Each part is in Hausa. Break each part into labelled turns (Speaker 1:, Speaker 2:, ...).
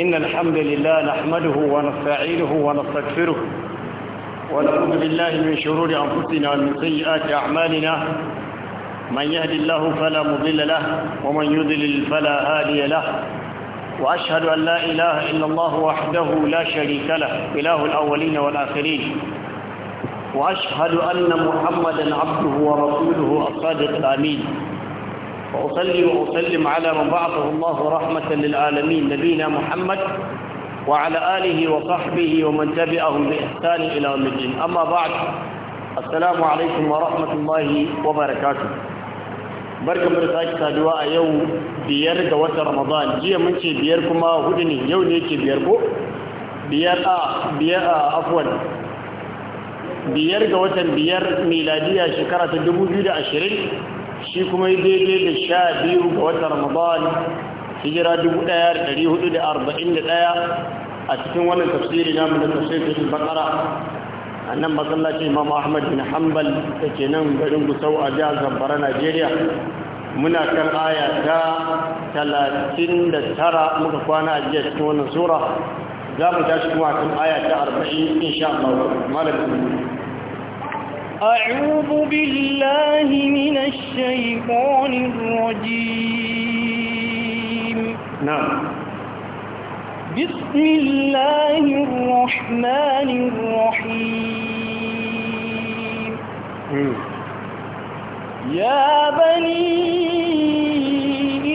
Speaker 1: إن الحمد لله نحمده ونستعينه ونستغفره ونعوذ بالله من شرور أنفسنا ومن سيئات أعمالنا من يهد الله فلا مضل له ومن يضلل فلا هادي له وأشهد أن لا إله إلا الله وحده لا شريك له إله الأولين والآخرين وأشهد أن محمدا عبده ورسوله الصادق الأمين وأصلي وأسلم على من بعثه الله رحمة للعالمين نبينا محمد وعلى آله وصحبه ومن تبعهم بإحسان إلى يوم الدين أما بعد السلام عليكم ورحمة الله وبركاته barka mu da sake saduwa a yau biyar ga watan Ramadan jiya mun ce biyar kuma hudu ne yau ne ke biyar ko biyar a biyar a afwan biyar ga watan biyar miladiya shekara ta 2020 shi kuma yi daidai da sha biyu ga watan ramadan hijira 1441 a cikin wannan tafsiri namu da tafsirin shi bakara a nan masallaci imam ahmad bin hanbal da ke nan garin gusau a jihar zamfara najeriya muna kan aya ta talatin da tara muka kwana a jiya cikin wannan sura za mu tashi kuma kan aya ta 40 insha Allah malamin
Speaker 2: أعوذ بالله من الشيطان الرجيم نعم بسم الله الرحمن الرحيم يا بني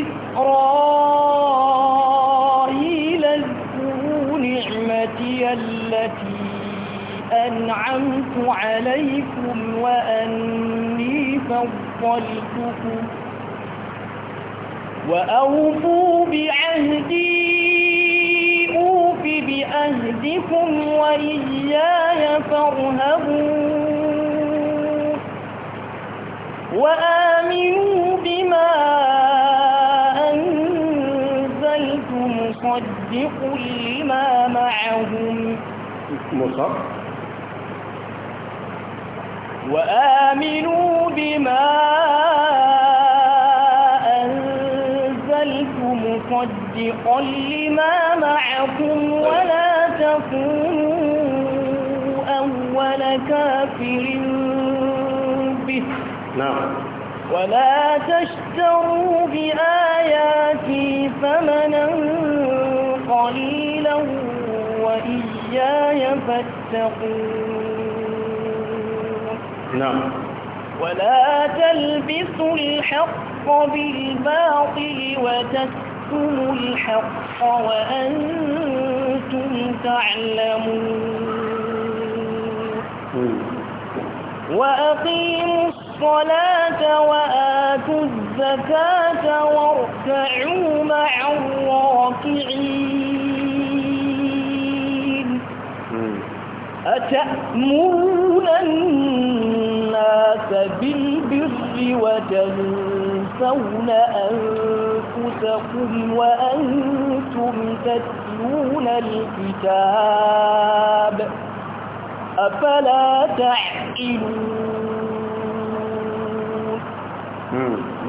Speaker 2: إسرائيل اذكروا نعمتي التي أنعمت عليكم وأني فضلتكم وأوفوا بعهدي أوف بأهدكم وإياي فارهبوا وآمنوا بما أنزلت مصدق لما معهم مصدق وآمنوا بما أنزلت مصدقا لما معكم ولا تكونوا أول كافر به نعم ولا تشتروا بآياتي ثمنا قليلا وإياي فاتقون نعم ولا تلبسوا الحق بالباطل وتكتموا الحق وأنتم تعلمون وأقيموا الصلاة وآتوا الزكاة واركعوا مع الراكعين أتأمرون الناس بالبر وتنسون أنفسكم وأنتم تتلون الكتاب أفلا تعقلون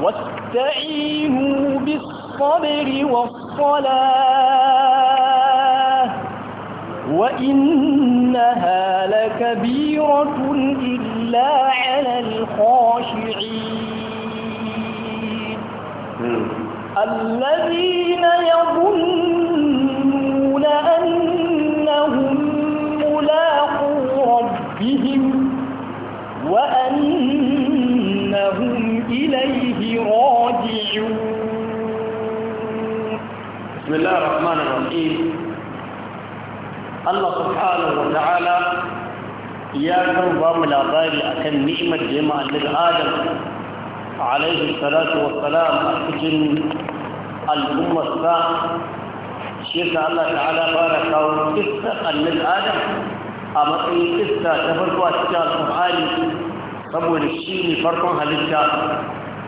Speaker 2: واستعينوا بالصبر والصلاة وإنها لكبيرة إلا على الخاشعين الذين يظنون أنهم ملاقو ربهم وأنهم إليه راجعون
Speaker 1: بسم الله الرحمن الرحيم Allah subhanahu wa ta'ala ya kan ba mu labari akan ni'imar da ya annabi Adam alaihi salatu wa salam a cikin al'ummarsa shi yasa Allah ta'ala fara kawo kissa annabi Adam a matsayin kissa ta farko a cikin alƙur'ani saboda shi ne farkon halitta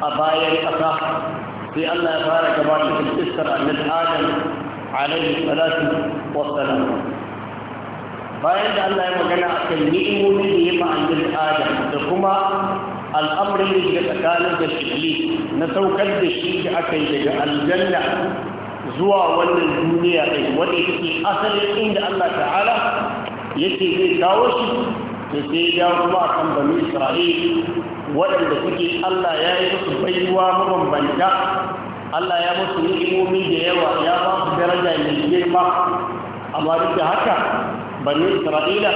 Speaker 1: a bayan ƙasa sai Allah ya fara gabatar da kissar annabi Adam alaihi salatu wa salam bayan da Allah ya magana a kan ni'imomi da ya ma'anjin adam da kuma al'amarin da ke tsakanin da shi na saukar da shi da aka yi daga aljanna zuwa wannan duniya ɗin wanda take asalin inda Allah ta'ala yake zai kawo shi da sai ya kuma a kan bani isra'il waɗanda suke Allah ya yi musu baiwa mabambanta Allah ya musu ni'imomi da yawa ya ba su daraja mai girma amma duk da haka bani isra'ila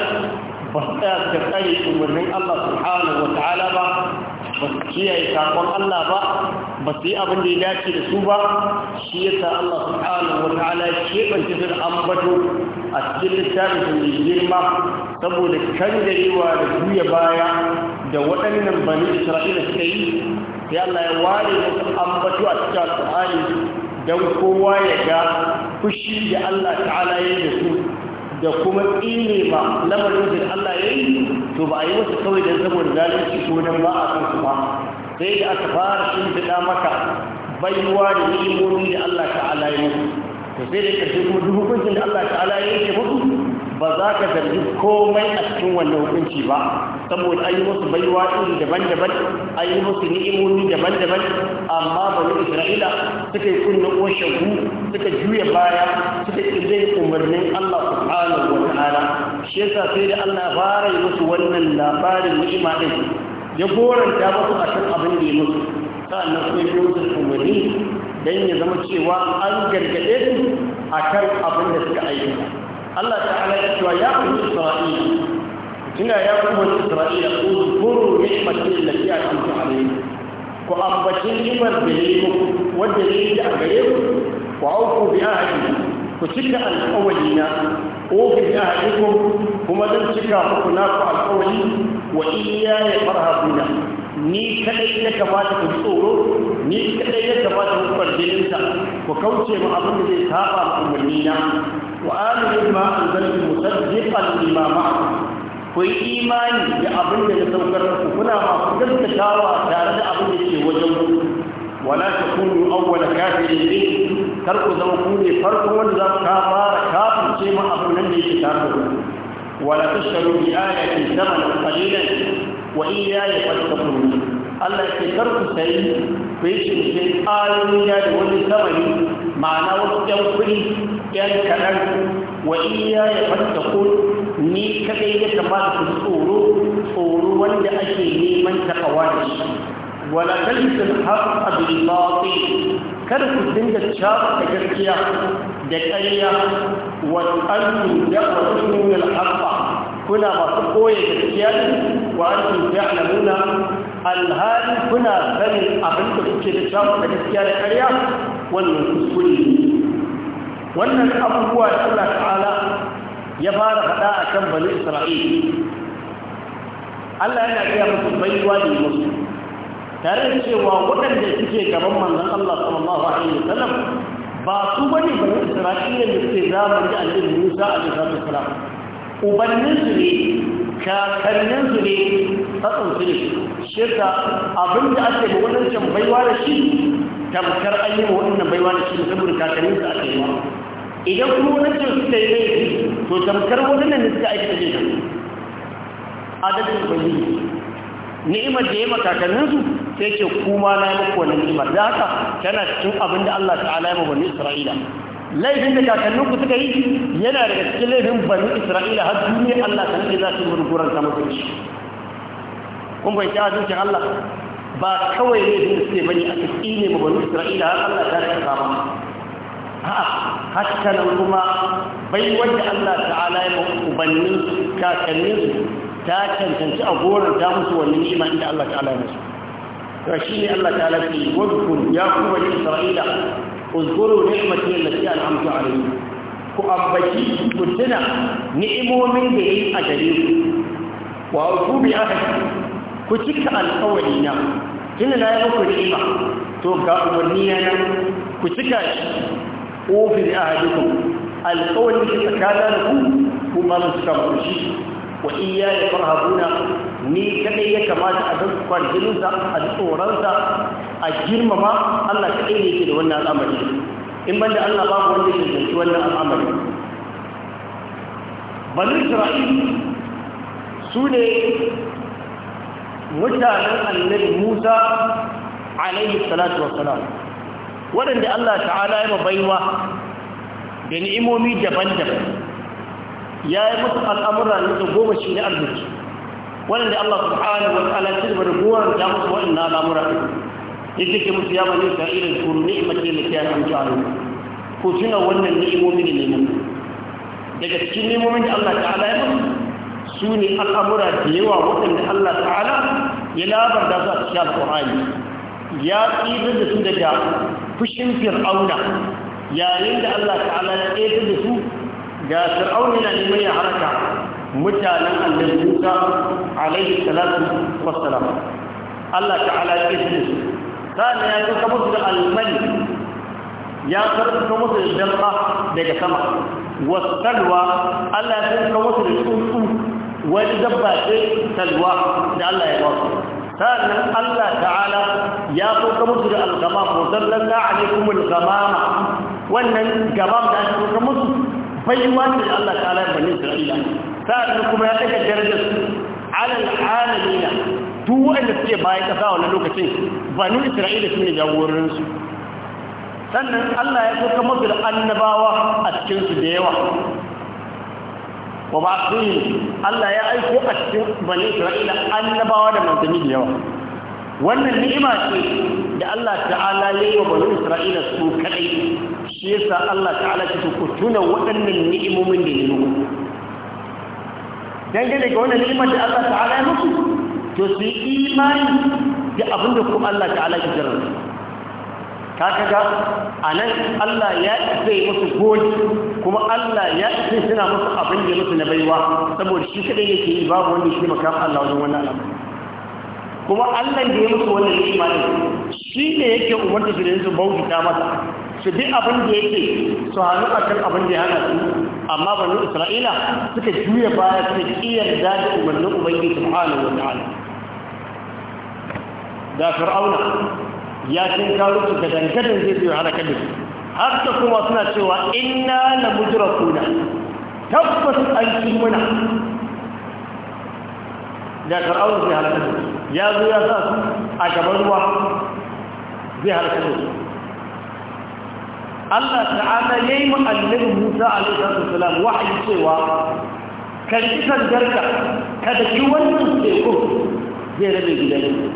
Speaker 1: ba su tsaya suka tsare umarnin allah subhanahu wa ta'ala ba ba su kiyaye sakon allah ba ba su yi abin da ya dace da su ba shi yasa allah subhanahu wa ta'ala ya keɓance su da ambato a cikin littafin su mai girma saboda yiwa da juya baya da waɗannan bani isra'ila suka yi sai allah ya ware musu ambato a cikin alƙur'ani don kowa ya ga fushi da allah ta'ala ya yi da su da kuma tsine ba lamarin da Allah ya yi to ba a yi wasu kawai don saboda zalunci ko don ba a kan su ba sai da aka fara da maka baiwa da ni'imomi da Allah ta'ala ya yi to sai da ƙarshe kuma duk hukuncin da Allah ta'ala ya yi yake maku? ba za ka zargi komai a cikin wannan hukunci ba saboda an yi musu baiwa iri daban-daban an yi musu ni'imomi daban-daban amma bani isra'ila suka yi kunna ƙoshagu suka juya baya suka ƙirƙirin umarnin allah subhanahu wa ta'ala shi yasa sai da allah fara yi musu wannan labarin ni'ima ɗin ya goranta musu a kan abin da ya musu sa'annan sai ya musu umarni dan ya zama cewa an gargaɗe su a kan abin da suka aikata Allah ta'ala ya cewa ya kuma Isra'ila tuna ya kuma Isra'ila ko zuru ni'matin allati an'amta alayhi ku ambaci ni'mar da yayi muku wanda yayi a gare ku ku auku bi ahdi ku cika alƙawari na ofi bi ahdikum kuma zan cika muku na ku alƙawari wa iya ya farhabuna ni kadai ya kamata ku tsoro ni kadai ya kamata ku farjinta ku kauce mu abin da zai saba umarni na وآمن بما أنزلت مصدقا لما معكم kuyi imani da abin da ka saukar ku kuna masu gaskatawa tare da abin da ke wajen ku wala ta kunu awwal kafirin bi kar ku zama ku farko wanda za ka fara kafin ce ma abin nan da yake kafin ku wala tashkaru bi ayati zaman qalila wa iya ya fatakun Allah ke kar ku sayi ku yi shi da wani zamani ma'ana wasu yan kuɗi ‘yan kaɗan wa iya ya fattakun ni kaɗai ya kamata ku tsoro tsoro wanda ake neman takawa da shi wala kalifin haƙa bil batil kar ku dinga shafa da gaskiya da ƙarya wa annu da wa tunnu al haqa kuna masu koyi gaskiya ne wa antum ta'lamuna alhali kuna sanin abin da kuke da shafa da gaskiya da ƙarya wannan kuskure ne wannan abubuwa da Allah ta'ala ya fara faɗa a kan bani isra'il Allah yana iya musu baiwa da musu tare da cewa waɗanda suke gaban manzon Allah sallallahu alaihi wasallam ba su bane bani isra'ila da suke zamani annabi Musa alaihi wasallam ubannin su ne kakannin su ne tsatsun su ne shirka da ake ba wadancan baiwa da shi tamkar an yi wa wannan baiwa da shi saboda kakannin su ake yi idan kuma wani cin suka yi laifi to tamkar wani da suka aiki ne da adadin ubangiji ni'imar da ya makakanninsu sai ke kuma na yi muku ni'ima. ni'imar da haka tana cikin abin da Allah ta'ala ya mabani Isra'ila laifin da kakanninku suka yi yana daga cikin laifin bani Isra'ila har duniya Allah ta nake za su yi gurgurar sama su shi kun bai ta zuci Allah ba kawai laifin da suke bane a cikin ne mabani Isra'ila har Allah ta karɓa ba haka nan kuma bai wanda Allah ta'ala ya ubanni kakannin su ta cancanci a goron ta musu wani nima inda Allah ta'ala ya musu rashi ne Allah ta'ala ce wadkun ya kuma ni Isra'ila uzkuru ni'mati al'amtu a alayhi ku ambaci, ku tuna ni'imomin da yi a gare ku wa ku bi ahadi ku cika alƙawari na tunda na yi muku ni'ima to ga umarni na ku cika shi ofi da ahadukun alƙawarin shi tsakanin da ku kuma su samu shi wa iya da Habuna ni kadai ya kamata a duk kwarjininsa a tsoronsa a girmama Allah kadai ne yake da wannan al'amari in banda Allah ku wanda ke zanci wannan al'amari bani Isra'il su ne mutanen annabi Musa alaihi salatu wassalam waɗanda Allah ta'ala ya baiwa da ni'imomi daban-daban ya yi musu al'amura na goma shi ne arziki waɗanda Allah subhanahu wa ta'ala ya tilbar goron ta musu waɗanda al'amura ya take musu ya bani ta irin kuru ni'imace da ta yi a ko tuna wannan ni'imomi ne neman daga cikin ni'imomin da Allah ta'ala ya musu su ne al'amura da yawa waɗanda Allah ta'ala ya labar da su a cikin alƙur'ani ya tsirar da su daga fushin fir'auna yayin da Allah ta'ala ya tsaye da su ga fir'auna na neman ya haraka mutanen annabi Musa alaihi salatu wassalam Allah ta'ala ya tsaye da su kana ya tuka musu da almani ya karɓa musu da dabba daga sama wasalwa Allah ya tuka musu da tsuntsu wani dabba ce salwa da Allah ya ba su sannan Allah ta'ala ya soka musu da al-ghamam musallalla alaikum al-ghamam wannan gamam da aka soka musu baiwa ne da Allah ta'ala ya bani Isra'ila sannan kuma ya daga darajar su alal alamin duk wanda suke bayan kasa wannan lokacin bani Isra'ila sune jagororin su sannan Allah ya soka musu da annabawa a cikin su da yawa wa ba su Allah ya aiko a cikin bani Isra'ila annabawa da manzanni da yawa wannan ni'ima ce da Allah ta'ala ya yi wa bani Isra'ila su kadai shi yasa Allah ta'ala ta ku tuna waɗannan ni'imomin da ya dangane ga wannan ni'imar da Allah ta'ala ya muku to su imani da abin da kuma Allah ta'ala ya jarrabe ka kaga a nan Allah ya zai musu goji kuma Allah ya isa suna musu abin da musu na baiwa saboda shi kadai yake yi babu wanda shi maka Allah wajen wannan alama. kuma Allah da ya musu wannan ni'ima shi ne yake umarta su da yin su ta mata, su bi abin da yake su hannu a kan abin da ya hana su amma Bani Isra'ila suka juya baya suka kiyar da umarnin Ubangiji subhanahu wa ta'ala da Fir'auna ya cin karo su da dangadan zai zai halaka da har ta kuma suna cewa inna la mujrakuna tabbas an ci muna da karau zai halaka da ya zo ya sa su a gaban ruwa zai halaka da Allah ta'ala yayi mu annabi Musa alaihi salam wahayi cewa kan kisan garka kada ki wannan teku zai rabe gidan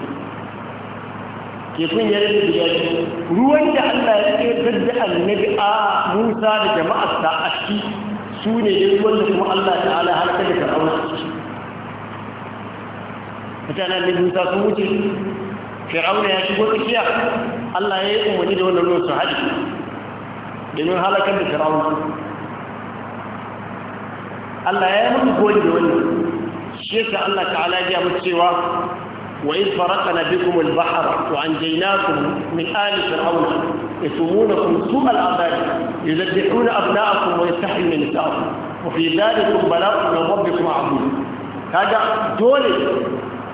Speaker 1: tekun ya rufe guda biyu ruwan da Allah ya ke da annabi a Musa da jama'arsa a ciki su ne da ruwan da kuma Allah ta'ala halaka da fir'auna a ciki mutane annabi Musa sun wuce fir'auna ya shigo tsakiya Allah ya yi umarni da wannan ruwan su haɗe domin halakar da fir'auna Allah ya yi mutu gode da wannan shi yasa Allah ta'ala ya ji cewa وإذ فرقنا بكم البحر وأنجيناكم من آل فرعون يسومونكم سوء العذاب يذبحون أبناءكم ويستحيون نساءكم وفي ذلك بلاء من ربكم عظيم هذا دول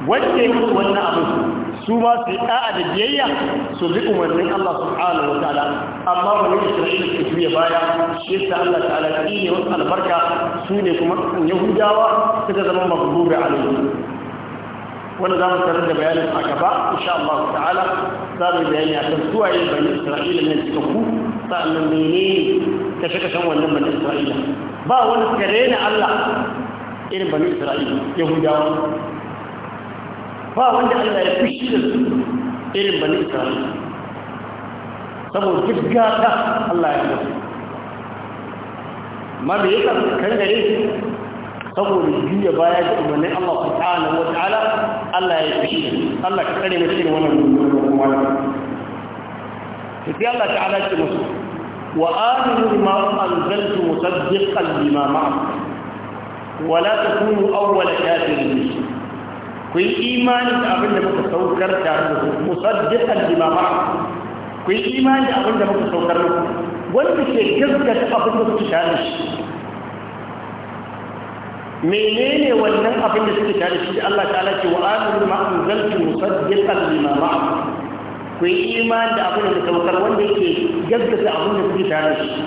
Speaker 1: وجه ولا أبوه سوما في آل الديية سوبكم من الله سبحانه وتعالى أما من إسرائيل كتبية بايا شيخ الله تعالى إيه وسأل بركة سوني كما أن يهودا وكذا مغضوب عليهم wanda za mu tarar da bayanin a gaba insha Allah ta'ala za mu bayani a kan suwaye bani Isra'ila ne suka ku sa'annan mene kashe kashen wannan bani Isra'ila ba wani suka rena Allah irin bani Isra'ila Yahudawa ba wanda Allah ya fushi da su irin bani Isra'ila saboda duk gata Allah ya mutu ma me yasa kan gare saboda juya baya ga umarnin Allah subhanahu wa ta'ala Allah ya fi Allah ka tsare mu cikin wannan wannan sai Allah ta'ala ce musu wa aminu bima anzaltu musaddiqan lima ma'akum wa la takunu awwala kafirin ku yi imani da abin da muka saukar tare da su musaddiqan lima ma'akum ku yi imani da abin da muka saukar muku wanda ke gaskata abin da kuka shaɗe shi menene wannan abin da suke tare shi Allah ta'ala ce wa aminu ma anzaltu musaddiqan lima ma'akum ku yi iman da abin da suka wakar wanda yake gaggata abin da suke tare shi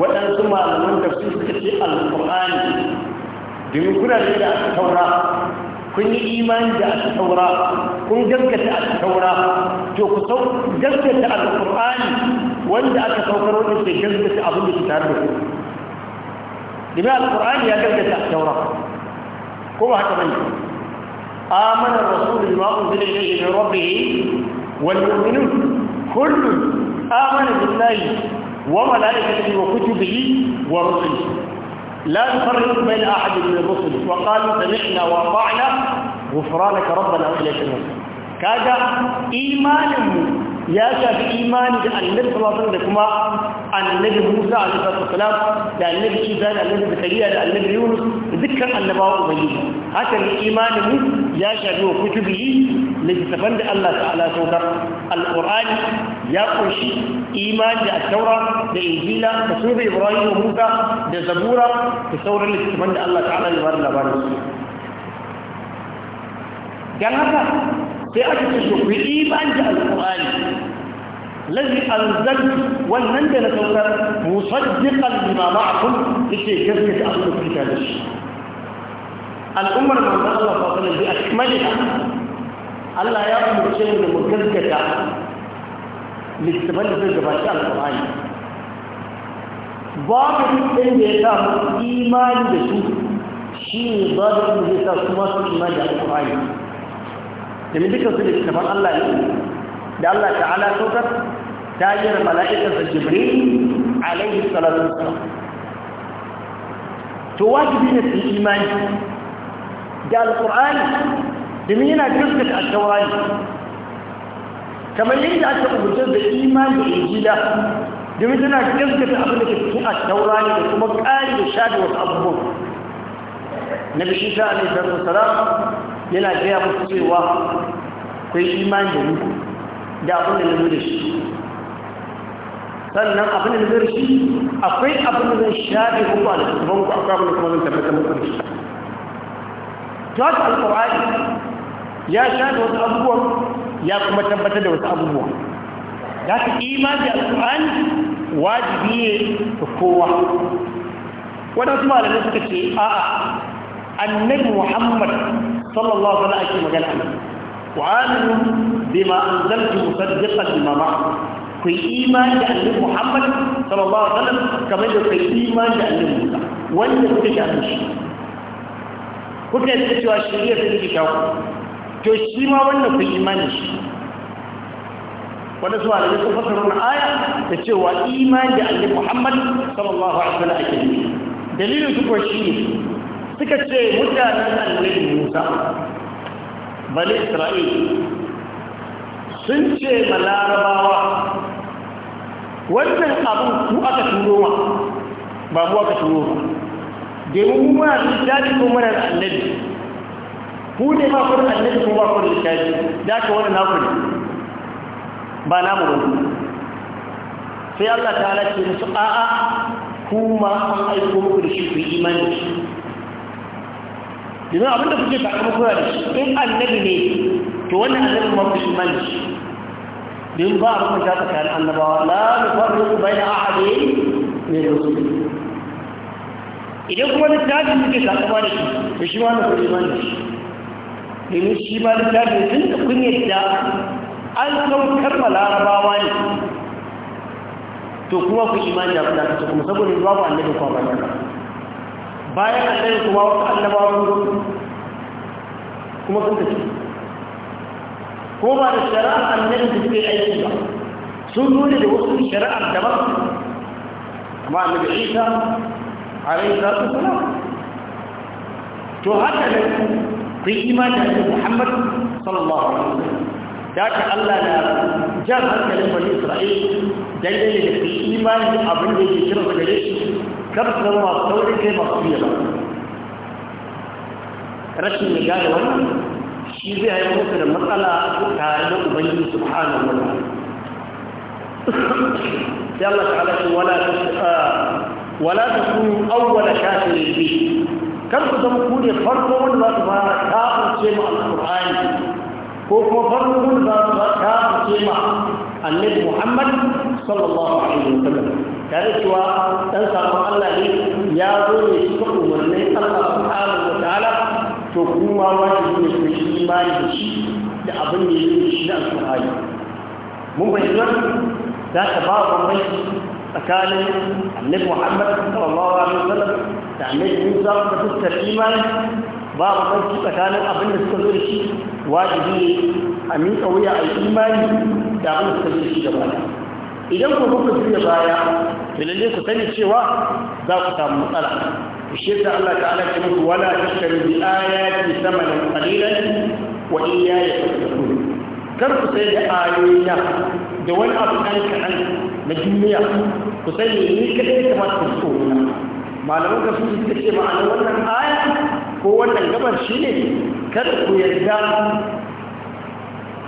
Speaker 1: waɗansu malaman tafsir suka ce alqur'ani domin kuna da taura kun yi iman da taura kun gaskata taura to ku sau gaskata alqur'ani wanda aka saukar wanda ke gaskata abin da ke tare da ku لماذا القرآن ya gargata التوراه taura ko آمن الرسول بما أنزل إليه من ربه والمؤمنون كل آمن بالله وملائكته وكتبه ورسله لا نفرق بين أحد من الرسل وقالوا سمعنا وأطعنا غفرانك ربنا وإليك المسلم كذا إيمانهم ya shafi imani da annabi sallallahu da kuma annabi Musa alaihi wasallam da annabi Isa da annabi Zakariya da annabi Yunus dukkan annabawa ubangiji haka ne imanin mu ya shafi wa kutubi littafan da Allah ta'ala saukar alqur'ani ya kunshi imani da taura da injila da sunan Ibrahim da Musa da zabura da sauran littafan da Allah ta'ala ya bar labarin dan haka sai aka ce to ku yi imani da alƙur'ani lazi anzal wannan da na saukar musaddiqan lima ma'akum yake gaskata abin da kuka da shi al'ummar manzo Allah sallallahu alaihi wasallam bi akmaliha Allah ya umurce mu da mu gaskata littafan da zai gabaci alƙur'ani babu ɗin da ya sa imani da su shi ne babu ɗin da ya sa su masu imani da alƙur'ani domin dukkan su littattafan Allah ne da Allah ta'ala saukar ta hanyar mala'ikarsa jibril alaihi salatu wasalam to wajibi ne su yi imani da alqur'ani domin yana gaskata alqur'ani kamar yadda aka rubuta da imani da injila domin tana gaskata abin da ke cikin alqur'ani da kuma ƙari da shaɗi wasu abubuwan na bishi sha alaihi salatu wasalam yana gaya musu cewa kai imani da muku da abin da nazo da shi sannan abin da nazo da shi akwai abin da zai shafe muku a littattafan ku akwai abin da kuma zai tabbatar muku da shi to haka ya shafe wasu abubuwan ya kuma tabbatar da wasu abubuwan da haka imani da alƙur'ani wajibi ne ga kowa wadansu malamai suka ce a'a annabi muhammad صلى الله عليه وسلم وعالم بما أنزلت مصدقا لما معه في إيمان بان محمد صلى الله عليه وسلم كما يقول في إيمان عليه وسلم وأن يكتج عن الشيء كنت أتكتوا الشريعة في ذلك الشوق تشريما وأن في إيمان الشيء وأن سؤال الذي تفسر من آية تشوى إيمان جعل محمد صلى الله عليه وسلم دليل تقوى الشريعة suka ce mutanen annabi musa bani isra'il sun ce malarabawa wannan abin ku aka turo wa ba mu aka turo ba domin mu muna littafi ko mara annabi ku ne ba ku annabi ko ba ku littafi da ka wani naku ne ba mu ba sai Allah ta halatta musu a'a kuma an aiko muku da shi ku imani domin abinda kuke karɓar kura da shi in annabi ne to wannan annabi ma kushi mani din ba abin da ta annabawa la nufarru la da ahadi ne da su idan kuma littafin kuke karɓar da shi to shi wannan na kushi mani domin shi ma littafin din da kun da an saukar ma larabawa ne to kuma ku imani da kuma saboda babu annabi ko ba bayan annabi kuma wasu annabawa sun zo kuma sun tafi ko ba da shari'ar annabi da suke aiki ba sun zo da wasu shari'ar daban amma annabi isa alaihi salatu wasalam to haka ne ku imani da Muhammad sallallahu alaihi wasallam da ka Allah na jan hankalin bani Isra'il dangane da su imani abin da yake kira gare shi kar su zama masu saurin kai masu fiye ba rashin ya gane wannan shi zai haifar musu da matsala tare da ubangiji subhanahu wa ta'ala sai Allah ta ce wala wala takunu awwala kafirin bi kar ku zama ku ne farko wanda za su fara ma mu alqur'ani ko kuma farkon za su ta fice ma annabi Muhammad sallallahu alaihi wasallam tare cewa dan sakon Allah ne ya zo ne shi umarnin Allah subhanahu wa ta'ala to kuma wajibi ne ku yi imani da shi da abin da yake shi na alƙur'ani mun bayyana za ta ba bambanci tsakanin annabi Muhammad sallallahu alaihi wasallam da annabi Musa da fuskar imani ba bambanci tsakanin abin da suka zo da shi wajibi a miƙa wuya a imani da abin da suka shi gaba idan ku kuka juya baya to lalle ku sani cewa za ku samu matsala shi yasa Allah ta'ala ke muku wala tashtaru bi ayati samanan qalilan wa iyaya fattaqun kar ku sai da ayoyina da wani abu kan kan na duniya ku sani ni kadai kamar ku tsoro malaman ka su suka ce ma'anar wannan aya ko wannan gabar shi ne kada ku yarda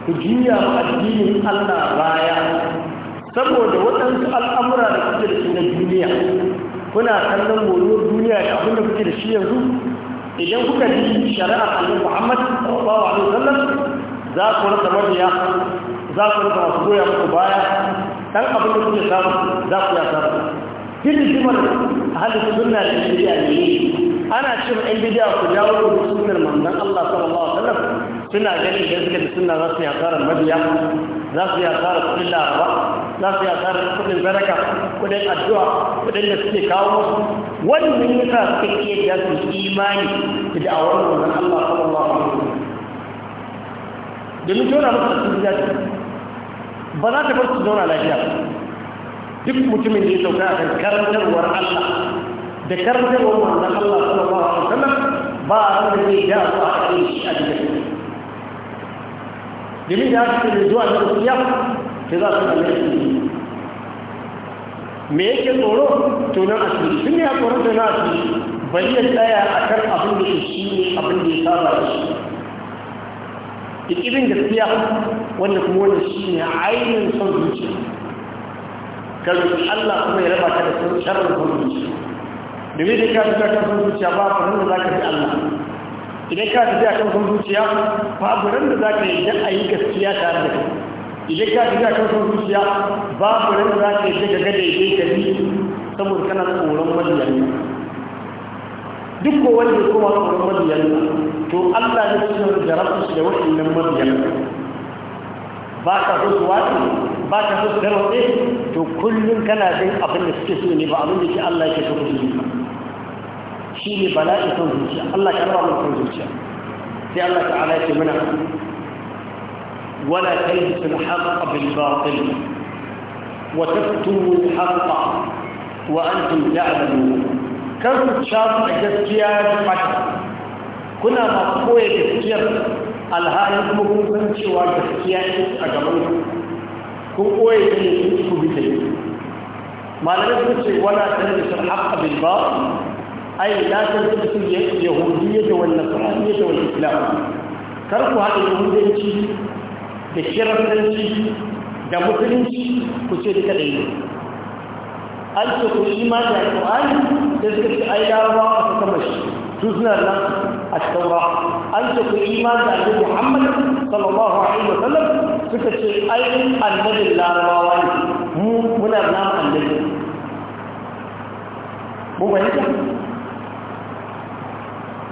Speaker 1: ku juya addinin Allah baya saboda waɗansu al'amura da kuke da na duniya kuna kallon moriwar duniya da abin da kuke da shi yanzu idan kuka ji shari'a annabi Muhammad sallallahu alaihi wasallam za ku rasa mabiya za ku rasa masu goya muku baya dan abin da kuke samu za ku ya samu hidimar ahalin suna da bidiya ne ana cin ɗan bidiya ku dawo ku sunnar manzon Allah sallallahu alaihi wasallam suna ganin da suka suna za su yi asarar mabiya za su yi asarar kudin laraba za su yi asarar kudin zaraka kudin addu'a kudin da suke kawo wannan yasa suka iya da su imani da da'awar manzon Allah sallallahu alaihi wasallam domin tona musu da su ba za ta bar su zauna lafiya duk mutumin da ya sauka a kan karantarwar Allah da karantarwar wannan Allah sallallahu alaihi wasallam ba a ran da zai ja su a kan shi a cikin domin da haka ne zuwa da kusiya sai za su kalli su me yake tsoro tunan asiri sun ya tsoro tunan asiri bai ya tsaya a kan abin da shi ne abin da ya saba da shi ikirin gaskiya wanda kuma wanda shi ne ainihin son zuciya ka roƙi Allah kuma ya raba ka da sun sharrin zuciya domin da ka tafi kan zuciya ba ku nan za ka fi Allah idan ka tafi kan son zuciya babu ran da za ka yi a yi gaskiya tare da kai idan ka tafi kan son zuciya babu ran da za ka yi da gade da ka bi saboda kana tsoron mabiyanka duk ko wanda ya koma tsoron mabiyanka to Allah ne shi ne jarabta shi da wa'annan mabiyanka ba ka so su ne. ba ta so su tarwatse to kullum kana jin abin da suke so ne ba abin da ke Allah yake so ku yi ba shi ne bala'i son zuciya Allah ka raba mu son zuciya sai Allah ta'ala yake mana ولا تلبسوا الحق بالباطل وتكتموا الحق وأنتم تعلمون كم شاف جسيا فتح كنا مقوي جسيا الهاي مكون سوى جسيا أجمعين kun koye shi ne sun ku bi ta yi malamai ce wala ta ne sun haƙa bil ba ai la ta ne sun yahudiyya da wannan nasraniyya da wannan islam kar ku haɗa yahudanci da kiristanci da musulunci ku ce da ɗaya ne an ce ku imani da alƙur'ani da suka ce ai larabawa su kama shi جزنا لنا التوراة أنت في إيمان النبي محمد صلى الله عليه وسلم فتشي أي النبي لا رواي من أبناء النبي مو بعيدة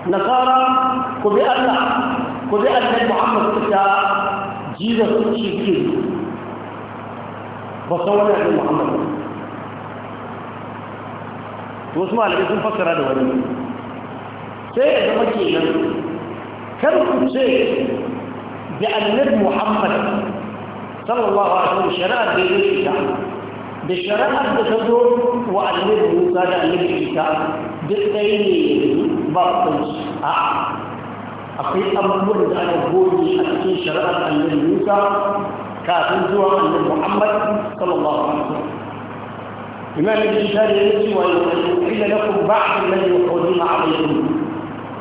Speaker 1: نصارى كبي الله كبي النبي محمد فتشي جيزة شيء بصورنا النبي محمد wasu malamai sun fassara da wani سيئة مجيئة كم تسيئة بأنب محمد صلى الله عليه وسلم شراء بيئة الكتاب بشراء بتدور وأنب مصاد أنب الكتاب بالتينين بطل آه. أخي أمر أن أقول أكي شراء أنب موسى كافر زوى أنب محمد صلى الله عليه وسلم إمام الإشارة يقول وإن أحل لكم بعد الذي يقودون عليكم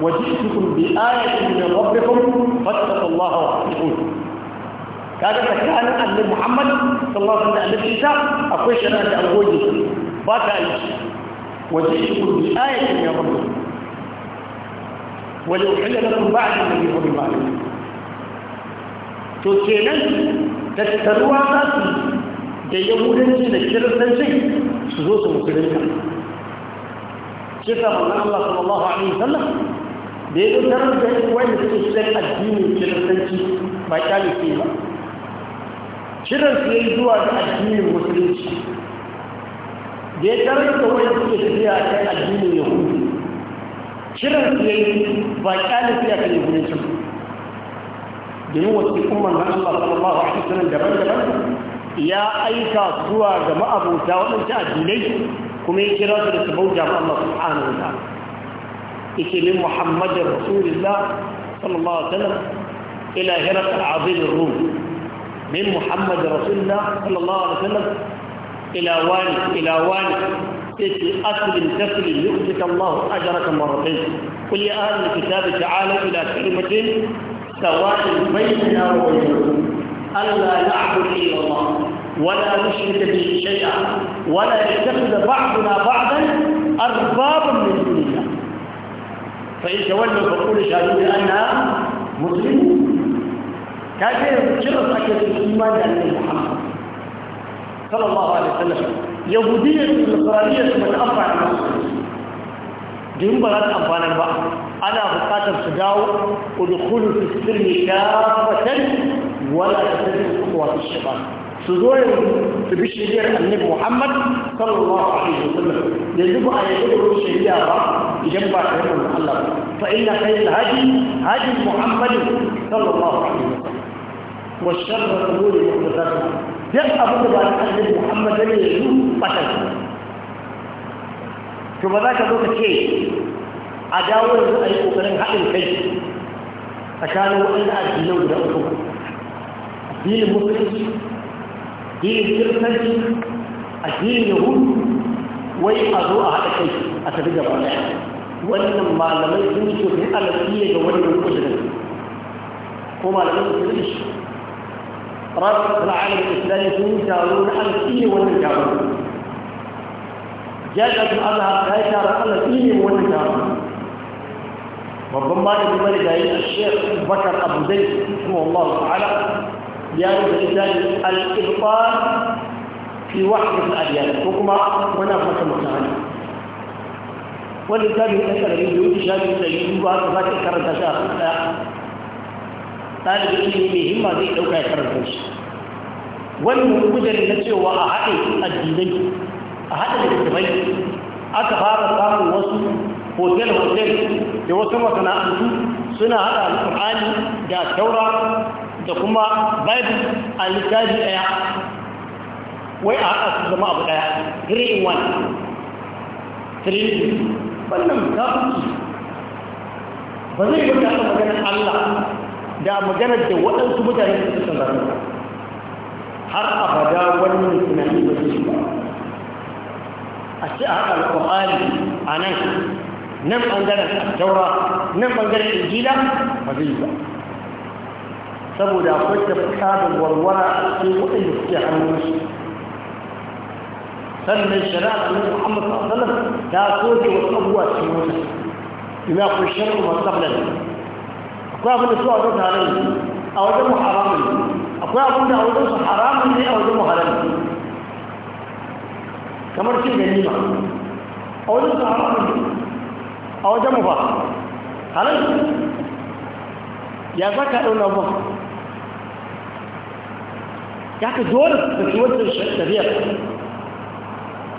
Speaker 1: وجئتكم بآية من ربكم فاتقوا الله وأطيعون kaga tsakanin annabi Muhammad sallallahu alaihi wasallam da Isa akwai shari'a da algoji ba ta yi وجئتكم بآية من ربكم ولأحل لكم بعد الذي حرم عليكم to kenan tattaruwa za su da yahudanci da kiristanci su zo su musulunta shi sa manzon Allah sallallahu alaihi wasallam da ya dogara da wanda suke shirin addinin kiristanci ba kyale ke ba shirin su yi zuwa ga addinin musulunci da ya tarar da wanda suke tafiya a kan addinin yahudi shirin su yi ba kyale a kan yahudanci domin wasu kuma na allah sallallahu alaihi wasallam daban-daban ya aika zuwa ga ma'abuta waɗancan addinai kuma ya kira su da su bauta ma'amma su subhanahu wa يكلم محمد رسول الله صلى الله عليه وسلم إلى هرقل عظيم الروم من محمد رسول الله صلى الله عليه وسلم إلى والد إلى والد إذ أسل تسل يؤذك الله أجرك مرتين قل أهل الكتاب تعالى إلى كلمة سواء بيننا وبينكم ألا نعبد إلا الله ولا نشرك به شيئا ولا يتخذ بعضنا بعضا أربابا من فإن تولوا فقولوا شهدوا بأنها مسلمون كافر شرط أكد الإيمان أن محمد صلى الله عليه وسلم يهودية النصرانية من أفع المسلمين دين بلد أفعال بعض أنا بقاتل سداو ودخول في السلم كافة ولا تتبع خطوات الشباب تزوي تبيش النبي محمد صلى الله عليه وسلم يجب أن يدعو الشريعة جنب رحمه الله فإن خير الهدي هدي محمد صلى الله عليه وسلم والشر الأمور محدثاتها يبقى أبو بعد النبي محمد لم يجوز قتل ثم ذاك ذوك الشيء عداوة أي أقرن حق الكيس فكانوا أن أجلوا لأخوة الدين المسلم دي الكرفتي أجيل يهود ويقضوا أهل الشيخ أتبقى بالله وإن ما لم يكن في على الدية جوالي من أجل وما لم يكن يشوفه رابط العالم الإسلامي كون يسألون على الدية والنجابة جاءت الأظهر كي ترى على الدية والنجابة وربما يقول الشيخ بكر أبو زيد رحمه الله تعالى يرد الإبطال في وحدة الأديان حكمة ونفس المتعلم ولذلك أسأل من يوم الشهاد السيد وقال ذلك كرد قال بإني مهمة ذي لو كان كرد الشهاد والمقدر نفسه وأعاد الديني أعاد الديني أتخار الثاني وصف هوتيل هوتيل يوصف وكنا أنتو سنة هذا القرآن جاء التوراة da kuma bible a littafi ɗaya wai a haɗa su zama abu ɗaya three in one trinity wannan kafin ba zai yi ta maganar Allah da maganar da waɗansu mutane su suka zaru har abada wannan tunani ba su ba a ce a haɗa alƙur'ani a nan nan ɓangaren taura nan ɓangaren injila ba zai yi ba saboda akwai tafka da warwara a cikin waɗanda suke hannun shi sannan shari'a da nabi muhammad sallallahu alaihi ta soke wasu abubuwa cikin wata ina akwai shari'a masu kablan akwai abin da su a wajen tare a wajen mu haramun akwai abin da a wajen su haramun ne a wajen mu halal kamar cin ganima a wajen su haramun a wajen mu ba halal ya zaka ɗauna ba da haka dole su tafi wannan shari'ar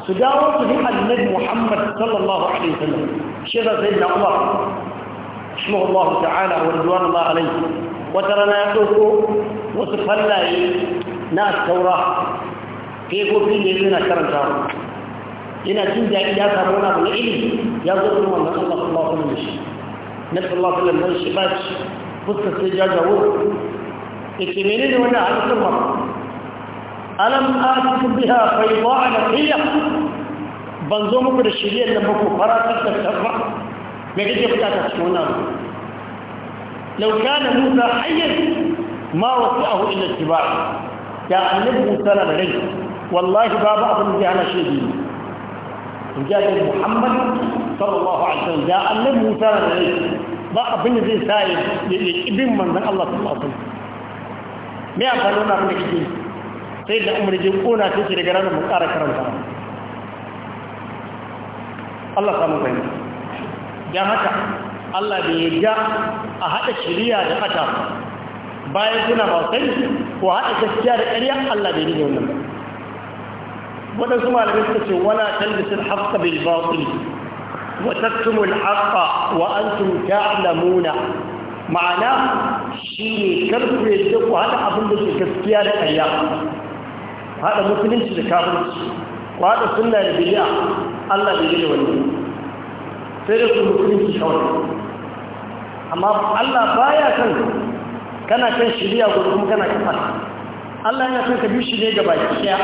Speaker 1: su dawo su bi annabi Muhammad sallallahu alaihi wasallam shi da sai da Umar shi Allah ta'ala wa radwanallahu alaihi wata rana ya dauko wasu fallaye na taura kegofi ne yana karanta yana jin daɗi ya samu wani abu na ilimi ya zo kuma wannan Allah sallallahu alaihi wasallam na sallallahu alaihi wasallam shi ba shi fuskar sai jajawo yake menene wannan hadisin ma ألم آتكم بها بيضاء نقية بنظمك للشريعة لما كفرات تتبع ما قد يبقى تسمونا لو كان موسى حيا ما وسعه إلا اتباع يا النبي موسى لغير والله بابا أظن جعل شيء جاء محمد صلى الله عليه وسلم جاء النبي موسى لغير ما أبن ذي سائل لابن من الله سبحانه وتعالى عليه وسلم ما أفعلون أبن كثير sai da umar jin kona ta ce daga ranar mu ƙara karanta Allah samu fahimta don haka Allah bai yadda a haɗa shirya da ƙata bayan suna ba sai ko haɗa gaskiya da ƙarya Allah bai nuna wannan waɗansu malamai suka ce wala talbisul haqqa bil batil wa taktumul haqqa wa antum ta'lamuna ma'ana shi ne karku yadda ku haɗa abin da ke gaskiya da ƙarya haɗa musulunci da kafirci haɗa sunna da bidiya Allah bai gane wani, sai da su musulunci kawai amma Allah baya kan kana kan shirya gudu kuma kana kan fata Allah yana kan ka bi shi ne ga baki ɗaya.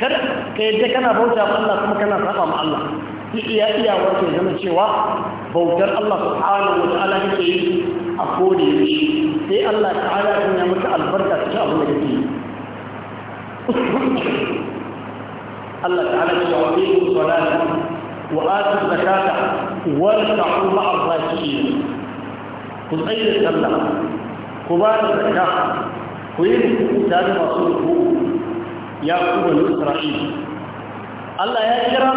Speaker 1: kar ka yadda kana bauta ma Allah kuma kana saba ma Allah shi iya iya wato zama cewa bautar Allah subhanahu wa ta'ala kake yi a kodi shi sai Allah ta'ala ya maka albarka ta abu da kake yi Allah ta'ala ya wa aqimu salata wa atu zakata warka'u ma'ar raki'in ku tsaye da sallah ku ba da zakka ku yi tare masu ruku ya kuma Isra'il
Speaker 2: Allah ya kira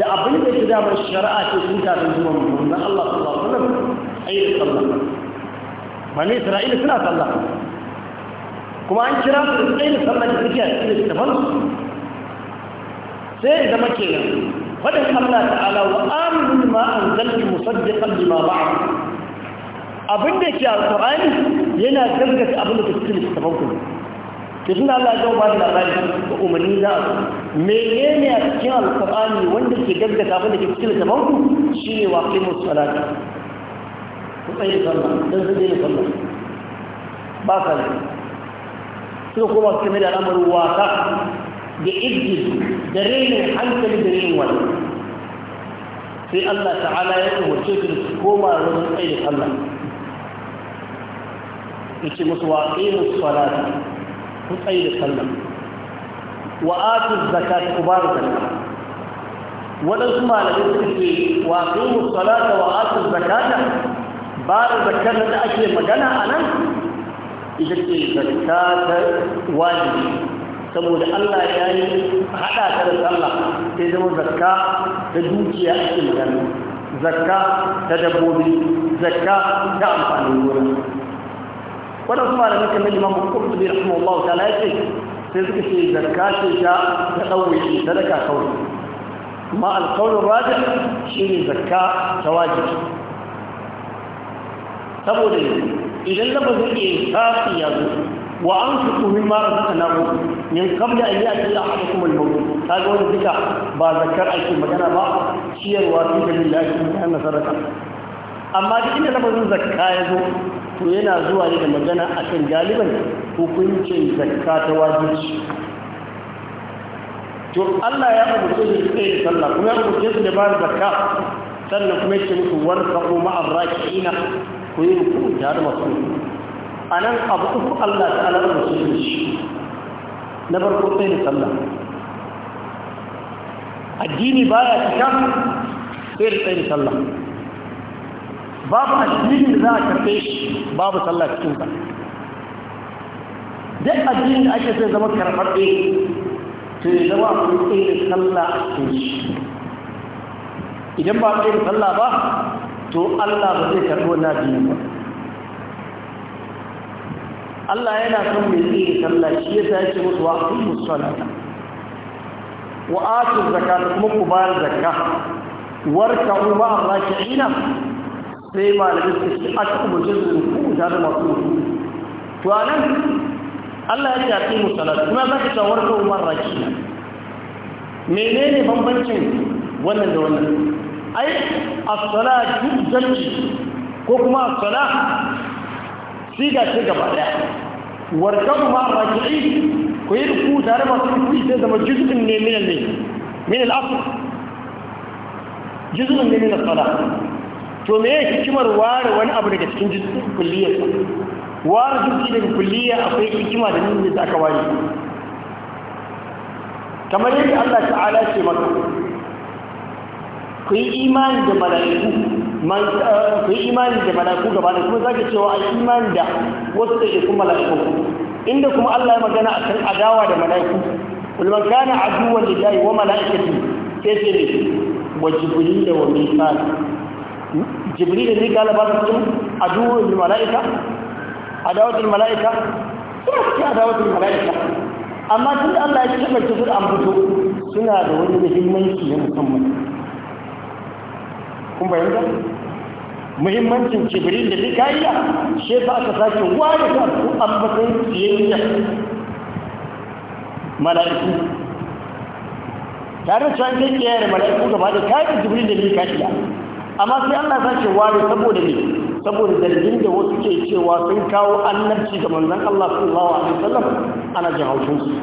Speaker 1: da abin da ke damar shari'a ce sun kafin zuwa mutum na Allah sallallahu alaihi wasallam ayyukan sallah bani Isra'ila suna sallah kuma an kira su da tsaye da da suke a cikin littafan sai zama kenan wadda ta ta'ala wa aminu ma an zalbi kalli ma ba'a abin da ke alkurani yana gaskata abin da ke cikin littafan ku ke tunda Allah ya ba da labari da umarni za a ne a cikin alkurani wanda ke gaskata abin da ke cikin littafan ku shine wa qimus salata ku tsaye da sallah dan zai da sallah ba sallah suka koma suka mai da al'amarin wasa da izgil da rainin hankali da rainin wani sai Allah ta'ala ya umarce su su koma wajen tsaye da sallah ce musu wa qimus salata ku tsaye da sallah wa atu zakata ku ba zakata Waɗansu malamai suka ce wa qimus salata wa atu zakata ba da zakata da ake magana a nan ita ce zakka ta wajibi saboda Allah ya yi haɗa ta da sallah sai zama zakka ta dukiya ake magana zakka ta dabbobi zakka ta amfanin gona wannan kuma da muka mai imamu kurtubi rahimahullahu ta'ala ya ce sai suka ce zakka ce ta ta ɗauke sadaka kawai amma alƙawarin rajin shi ne zakka ta wajibi saboda yanzu idan lafazin insafi ya zo wa an su tuhin ma zaka na ku min kabla an yi a cikin kuma al-maut ta ga wani duka ba zakar ake magana ba ciyarwa fi da lillahi ta hanyar amma duk inda lafazin zakka ya zo to yana zuwa ne da magana akan galiban hukuncin zakka ta wajibi to Allah ya rubuce su tsaye da sallah kuma ya rubuce su da ba zakka sannan kuma yake musu warfaqu ma'ar raki'ina ku yi rukun da masu a nan abu uku Allah ta alar da su shi na farko sai da sallah addini ya cika sai da sai da sallah babu addini da za a karfe shi babu sallah cikin ba. duk addini da ake sai zama karfar ɗaya, to ya zama akwai sai da sallah a cikin shi idan ba sai da sallah ba to Allah ba zai karɓi wannan addini ba Allah yana son mai tsiri sallah shi yasa yake musu wa aqimu salata wa atu zakata kuma ku bayar zakka warka'u ma'a raki'ina sai malamin su ce aka umarci su ku da masu mutu to anan Allah ya ce aqimu salata kuma zaka ta warka'u ma'a raki'ina menene bambancin wannan da wannan ai as-salatu jam'i ko kuma a salah siga ce gaba daya warkabu ma raki'i ku yi ruku tare masu ruku sai zama juz'un ne min al-ne min al-asr juz'un ne min as-salah to me yake hikimar ware wani abu daga cikin juz'in kulliyar ware juz'i daga kulliyar akwai hikima da nuna da aka ware kamar yadda Allah ta'ala ce maka
Speaker 2: ku yi imani da
Speaker 1: mala'iku eh, ku yi imani da mala'iku gaba da kuma zaka cewa ai imani da wasu da ikun mala'iku inda kuma Allah ya magana akan adawa da mala'iku kul man kana aduwwan lillahi wa mala'ikati sai ce ne wa jibril da wa mikal jibril da mikal ba su cikin aduwwan lil mala'ika adawatul mala'ika suna cikin adawatul mala'ika amma tun Allah ya ce ba su an fito suna da wani muhimmanci na musamman kun da muhimmancin jibril da likayya shi ba ka sake ware ta ku ambaton siyayya mala'iku tare da cewa kai kiyayar mala'iku gaba da kayan jibril da likayya amma sai Allah sake ware saboda ne saboda dalilin da wasu ke cewa sun kawo annabci ga manzon Allah sallallahu alaihi wasallam ana jin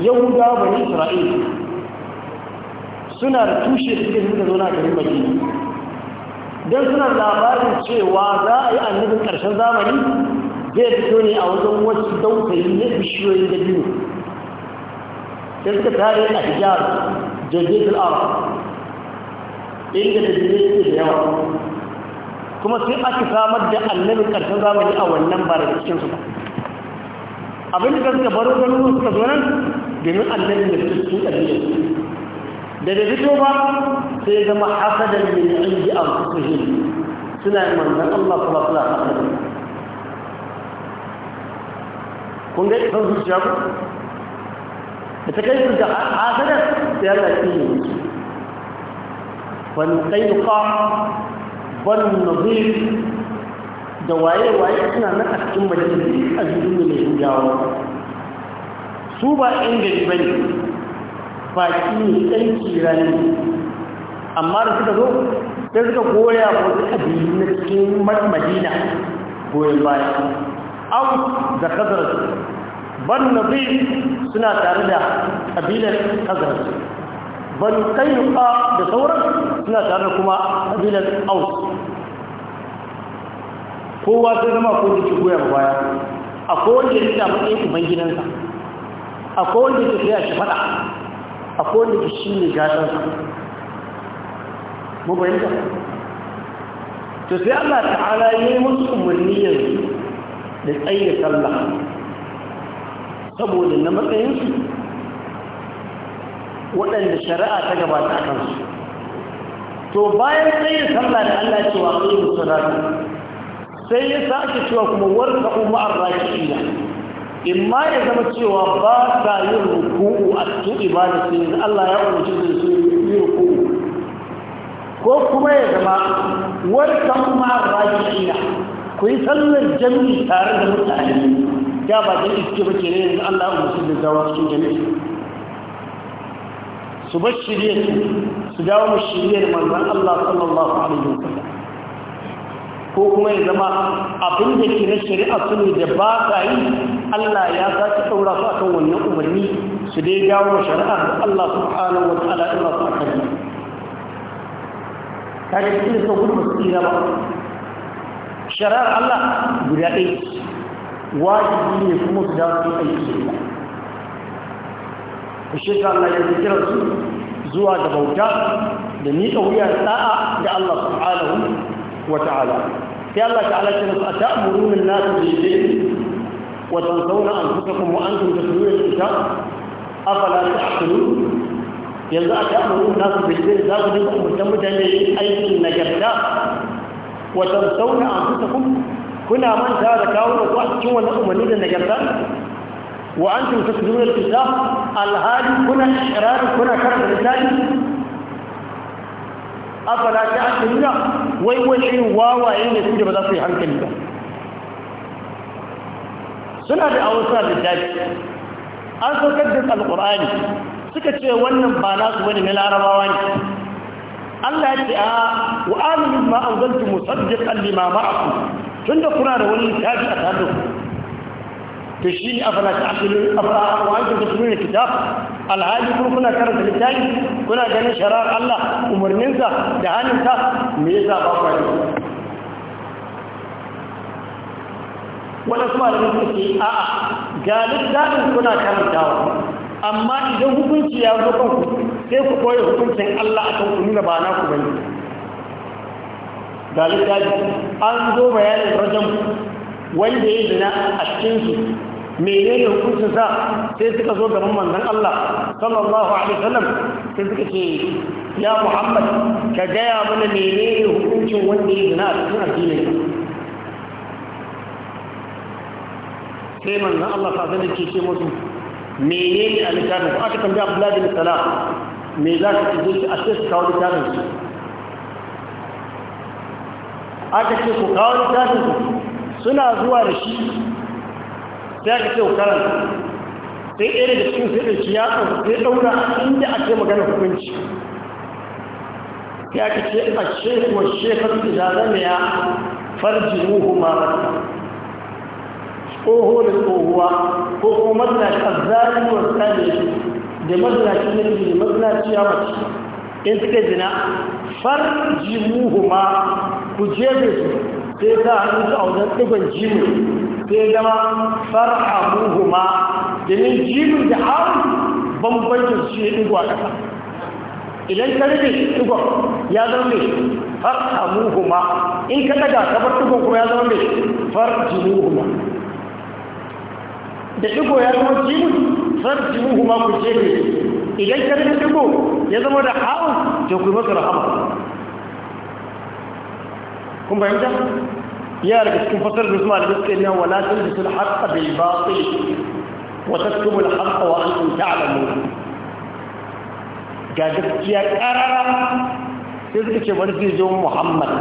Speaker 1: Yau su yahudawa bani isra'ila suna da tushe da suke suka zuwa a garin madina don suna labarin cewa za a yi annabin ƙarshen zamani zai fito ne a wajen wasu dautayi na bishiyoyi da biyu sai suka tare a hijar jajjetul awa, inda da jirgin da yawa kuma sai aka samar da annabin ƙarshen zamani a wannan ba da cikinsu ba abin da suka baro ganin suka zo nan domin annabin da suke cikin ƙabilar daga fito ba sai zama hasadan min inji anfusihim suna yin manzon Allah sallallahu alaihi wasallam kun ga san zuciya ku da ta kai su da hasadan sai Allah ya yi wani kainuka ban nazir da waye-waye suna nan a cikin majalisi a jirgin mai yawa su ba ingari ba ne baki ne ɗan ne, amma da suka zo sai suka goya suka ƙabilu na cikin madina goyon baya au da kazar ban nabi suna tare da ƙabilar kazar ban kainuka da sauran suna tare da kuma ƙabilar aus kowa sai zama ko da ke goya baya akwai wanda ya rika matsayin ubangidansa akwai wanda ya tafiya shi faɗa a kowane shi ne gadon mu bayyanta to sai Allah ta'ala ya yi musu umarni yanzu da tsaye sallah saboda na matsayinsu waɗanda shari'a ta gabata a kansu to bayan tsaye sallah da Allah cewa kai musu sai ya sake cewa kuma warka umar raki'ina imma ya zama cewa ba sa yin ruku'u a cikin ibada sai Allah ya umarci da su yi ruku'u ko kuma ya zama warkan ma rajiya ku yi sallar jami'i tare da mutane ya ba da iske ba kenan yanzu Allah ya umarci da gawa cikin jami'i su bar shirye su dawo mu shirye da manzon Allah sallallahu alaihi wasallam ko kuma ya zama abin da ke na shari'a su ne da ba ta yi Allah ya za ta ɗaura su kan wannan umarni su dai dawo wa shari'a da Allah subhanahu wa ta'ala ɗaura su akan yi kare cikin da gudu ba su tsira ba shari'ar Allah guda ɗaya wajibi ne kuma su dawo su aiki su ila ku shekara Allah ya zikira su zuwa da bauta da miƙa wuya da ɗa'a da Allah subhanahu wa ta'ala sai Allah ta'ala ce musu atamuruna an-nasa bil birri wa tansawna anfusakum wa antum tatluna al-kitab afala ta'qilun yanzu atamuruna an-nasa bil birri za ku dinga umurtan mutane aikin nagarta wa tansawna anfusakum kuna manta da kawo ku a cikin wannan umarni da nagarta wa antum tatluna al-kitab alhali kuna ikrari kuna karanta littafi afala ta akiluna wai wani irin wawaye ne suke ba za su yi hankali ba suna da awasa da daji an saukar da alkur'ani suka ce wannan ba su wani na larabawa ne Allah ya ce a wa aminu ma an musaddiqan lima ma'akum tunda kuna da wani littafi a tare to shi ne afala ta asili afala wa antum tatluna kitab alhali kun kuna karanta littafi kuna ganin shari'ar Allah umarninsa da hannunsa, me yasa ba ku yi wala kuma da muke a a ga littafin kuna karantawa amma idan hukunci ya zo kanku sai ku koyi hukuncin Allah akan ku nuna ba na ku bane ga littafi an zo bayanin rajam wanda ya zina a cikinsu menene hukuncin sa sai suka zo gaban manzon Allah sallallahu alaihi wasallam sai suka ce ya Muhammad ka gaya mana menene hukuncin wanda ya zina a cikin addinin sai manzon Allah sa zai ce ce musu menene a littafin aka tambaya Abdullahi bin Salam me za ka tije shi a cikin kawo littafin su aka ce ku kawo littafin su suna zuwa da shi sai aka ce karanta sai ɗaya da cikin sai ɗauki ya ɗauka sai ɗaura inda ake magana hukunci Ya ka ce a shekwa shekar da ya farji ruhu ma tsoho da tsohuwa ko kuma mazinaci a zariwar tsari da mazinaci na da mazinaci ya mace in suka jina farji muhu ma ku jefe su sai sa hannun su a wajen ɗigon jini sai zama farhamuhu ma domin jini da haru bambancin shi ya ɗigo a ƙasa idan ka rage ɗigon ya zama mai farhamuhu ma in ka ɗaga ka bar ɗigon kuma ya zama mai farjimuhu ma da ɗigo ya zama jimu farjimuhu ma ku ne idan ka rike ɗigo ya zama da haru to kuma yi rahama كم فهمت يا ربك كم فصل بسم الله بس إنه ولا تلبس الحق بالباطل وتكتم الحق وأنتم تعلمون قالت يا كرر يزكي شبان في زوم محمد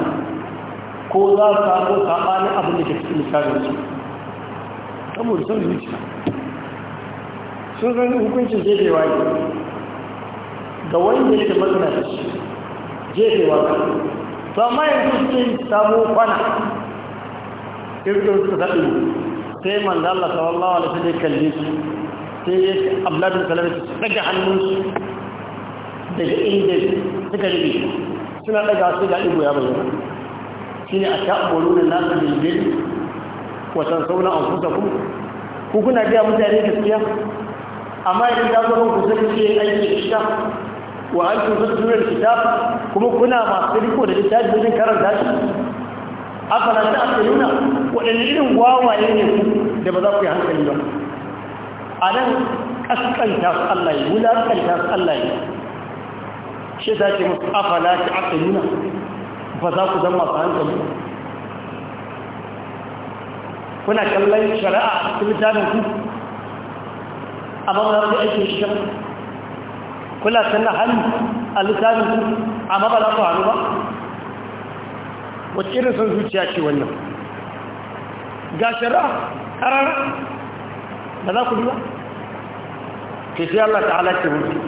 Speaker 1: كوزا كابو كابان أبو نجد في مكان رجل كم رسول رجل سوزن ممكن تزيد رواية دوين يتمنى جيد رواية Sama amma yanzu sun samu kwana irin su zaɗi sai manzo Allah sallallahu alaihi wasallam kalle su sai ya abladun kalmar su daga hannunsu daga inda suka rike suna daga su ga ibo ya bayyana shine na nasu bil bil wa tansawna anfusakum ku kuna ga mutane gaskiya amma idan za ku ku sai aiki da wa an tuzu duniyar kitab kuma kuna masu riko da littafi wajen karanta shi afala ta asaluna waɗanne irin wawaye ne ku da ba za ku yi hankali ba a nan kaskanta su Allah yi wulakanta su Allah yi shi za ce musu afala ta asaluna ba za ku zama masu hankali ba kuna kallon shari'a ta littafin ku A ba za ku aiki shi kuna sannan hannu a littafin amma ba za su hannu ba wacce irin sun zuciya ce wannan ga shari'a ƙarara ba za ku biya ke sai Allah ta'ala ke mutu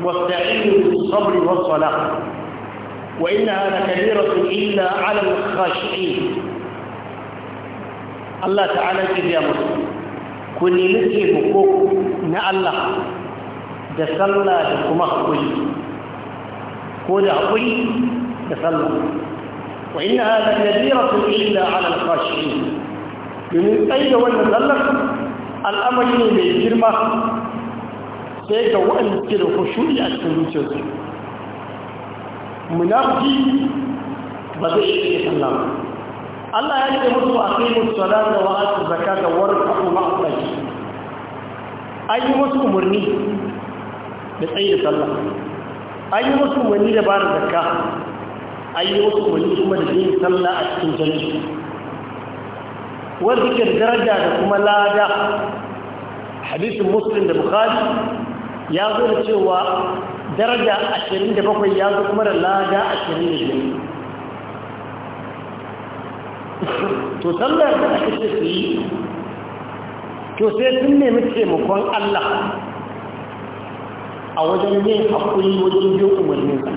Speaker 1: wasta'inu sabri wasu sala wa ina innaha lakabiratun illa 'ala al-khashi'in Allah ta'ala ke biya mutu ku nemi taimako na Allah da sallah da kuma haƙuri ko da haƙuri da sallah wa inna hada nadiratu illa ala al-khashi'in domin tsaye wannan sallar al'amari ne mai girma sai ga waɗanda ke da kushuri a cikin zuciyarsu munafiki ba zai iya sallah Allah ya ce musu a kai musu salata wa asu zakata warka kuma a tsaki an yi musu umarni da tsaye da sallah an yi musu wani da ba da zakka an yi musu wani kuma da yin sallah a cikin jami'a wanda ke daraja da kuma lada hadisin muslim da bukhari ya zo da cewa daraja 27 ya zo kuma da lada 25 to sallar da ake ce su yi to sai sun nemi taimakon Allah a wajen yin haƙuri wajen biyo umarninsa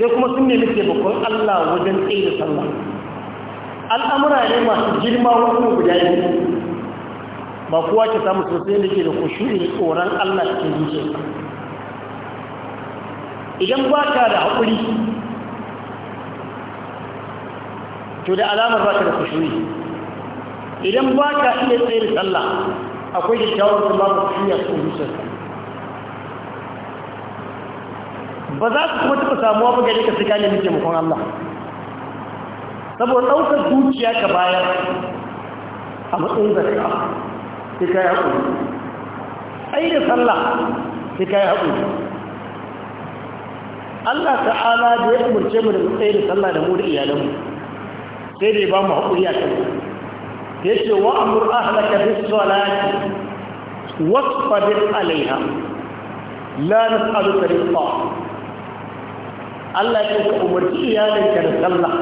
Speaker 1: sai kuma sun nemi bakon Allah wajen tsaye da sallah al'amura ne masu girma wasu guda biyu ba kuwa ke samu sosai da ke da kushuri da tsoron Allah ke zuce idan ba ka da haƙuri to da alamar ba ka da kushuri idan ba ka iya tsaye da sallah akwai kyawun kuma ba ku shirya cikin zuciyarsa ba za su kuma taɓa samuwa ba gare ka sai ka nemi taimakon Allah saboda ɗaukar dukiya ka bayar a matsayin zarka sai ka yi haƙuri ai da sallah sai ka yi haƙuri Allah ta'ala da ya umarce mu da tsaye da sallah da mu da iyalanmu sai da ya ba mu haƙuri a kan ya ce wa amur ahlaka bis salati wasfabir alaiha la nas'aluka rizqa Allah ya ka umarci iyalinka da sallah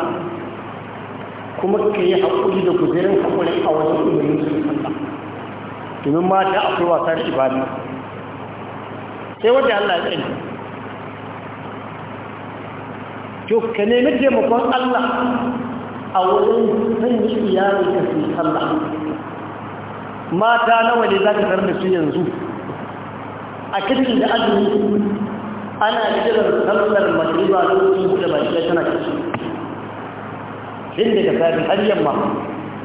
Speaker 1: kuma ka yi haƙuri da kujerin haƙuri a wajen umarnin su sallah domin mata akwai wasa da ibada sai wajen Allah ya tsaye. to ka nemi taimakon Allah a wurin sanya iyalinka su sallah mata nawa ne za ka tarar da su yanzu a kirkin da azumi ana jiran sallar magriba lokacin da ba shi tana ciki inda ka safi har yamma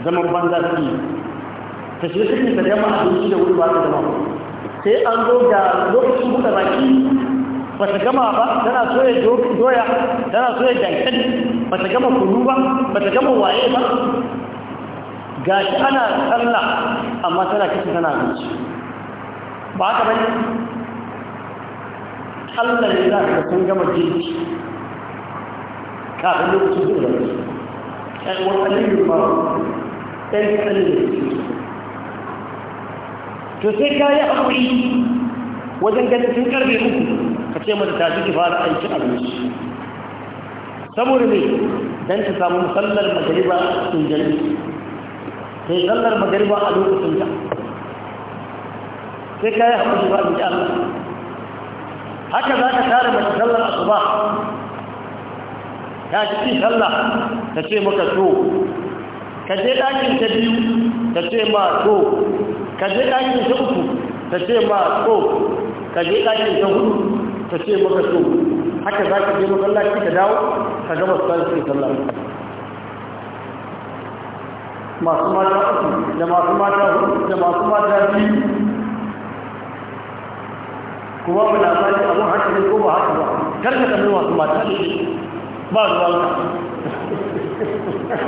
Speaker 1: zaman banza su yi ta shi da ta a abinci da wuri ba ta zama sai an zo da lokacin buɗe baki ba ta gama ba tana soya doya tana soya dankali ba ta gama kunu ba ba ta gama waye ba ga shi ana tsalla amma tana kishi tana zuci ba haka bane Allah ya za ka kun gama girki kafin lokacin zuwa da su ɗan wasannin yin fara ɗan tsanin da su to sai ka yi aure, wajen ganin sun karfe uku ka ce mata ta ciki fara aiki a abinci saboda ne don ta samu musallar magariba a cikin jami'i sai sallar magariba a lokacin ta sai ka yi aure ba a ji Allah haka za ka tare mai sallar asuba ta ci sallah ta ce maka so ka je ɗakin ta biyu ta ce ma so ka je ɗakin ta uku ta ce ma so ka je ɗakin ta hudu ta ce maka so haka za ka je masallaci ka dawo ka gama sallar sallar masu mata uku masu mata hudu da masu mata biyu kuma mu labari abun haka ne ko ba haka ba karka ka wasu mata eh, ba ruwan ka ya ranar ɗaya da